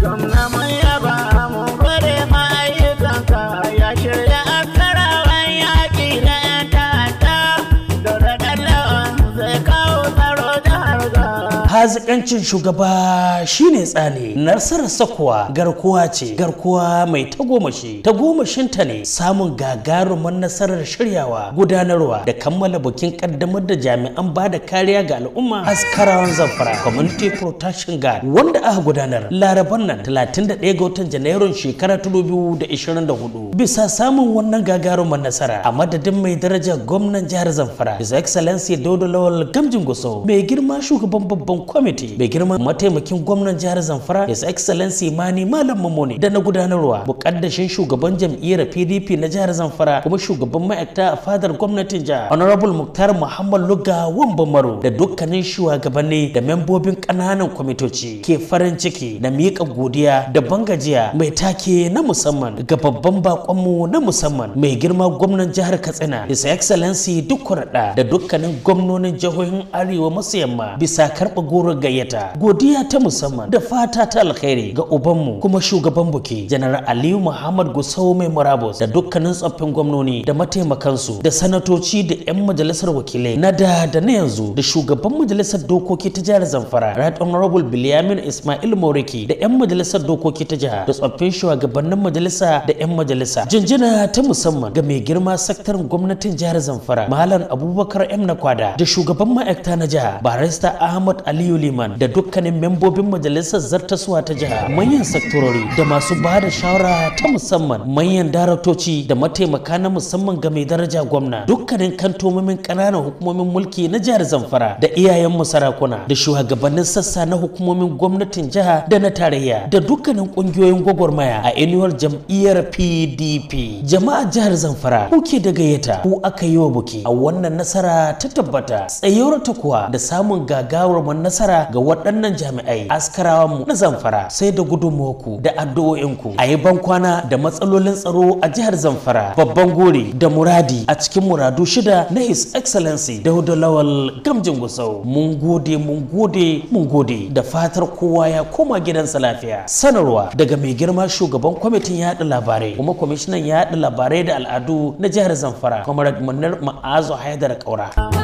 Come now, my arzikancin shugaba shine tsane nasarar sakuwa garkuwa ce garkuwa mai tagomashi tagomashinta ne samun gagarumin nasarar shiryawa gudanarwa da kammala bikin kaddamar da jami'an ba da kariya ga al'umma askarawan zamfara community protection guard wanda aka gudanar laraban nan 31 ga watan janairun shekarar 2024 bisa samun wannan gagarumin nasara a madadin mai daraja gwamnan jihar zamfara his excellency dodo lawal gamjin goso mai girma shugaban babban kwamiti mai girma mataimakin gwamnan jihar zamfara his excellency mani malam mamoni da na gudanarwa mukaddashin shugaban jam'iyyar pdp na jihar zamfara kuma shugaban ma'aikata a fadar gwamnatin jihar honorable muktar muhammad luga maro da dukkanin shugabanni da membobin ƙananan kwamitoci ke farin ciki na miƙa godiya da bangajiya mai take na musamman ga babban baƙonmu na musamman mai girma gwamnan jihar katsina his excellency duk da dukkanin gwamnonin jihohin arewa maso yamma bisa karɓa goro gayyata godiya ta musamman da fata ta alkhairi ga ubanmu kuma shugaban buki janaral aliyu muhammad gusau mai murabus da dukkanin tsoffin gwamnoni da mataimakansu da sanatoci da 'yan majalisar wakilai na da da na yanzu da shugaban majalisar dokoki ta jihar zamfara right honorable bilyamin ismail moriki da 'yan majalisar dokoki ta jiha da tsoffin shugabannin majalisa da 'yan majalisa jinjina ta musamman ga mai girma sakataren gwamnatin jihar zamfara malam abubakar m nakwada da shugaban ma'aikata na jiha barista ahmad Ali. Aliyu Liman da dukkanin membobin majalisar zartaswa ta jiha manyan sektorori da masu ba da shawara ta musamman manyan daraktoci da mataimaka na musamman ga mai daraja gwamna dukkanin kantomomin ƙananan hukumomin mulki na jihar Zamfara da iyayen sarakuna da shugabannin sassa na hukumomin gwamnatin jiha da na tarayya da dukkanin ƙungiyoyin gwagwarmaya a inuwar jam'iyyar PDP jama'a jihar Zamfara kuke da gayyata ku aka yi wa buki a wannan nasara ta tabbata tsayyar ta kuwa da samun gagawar nasara nasara ga waɗannan jami'ai askarawan mu na zamfara sai da gudunmuwarku da addu'o'inku a yi bankwana da matsalolin tsaro a jihar zamfara babban gori da muradi a cikin muradu shida na his excellency dauda lawal gamjin gusau mun gode mun gode mun gode da fatar kowa ya koma gidansa lafiya sanarwa daga mai girma shugaban kwamitin yaɗa labarai kuma kwamishinan yaɗa labarai da al'adu na jihar zamfara kamar manar ma'azu haidar kaura.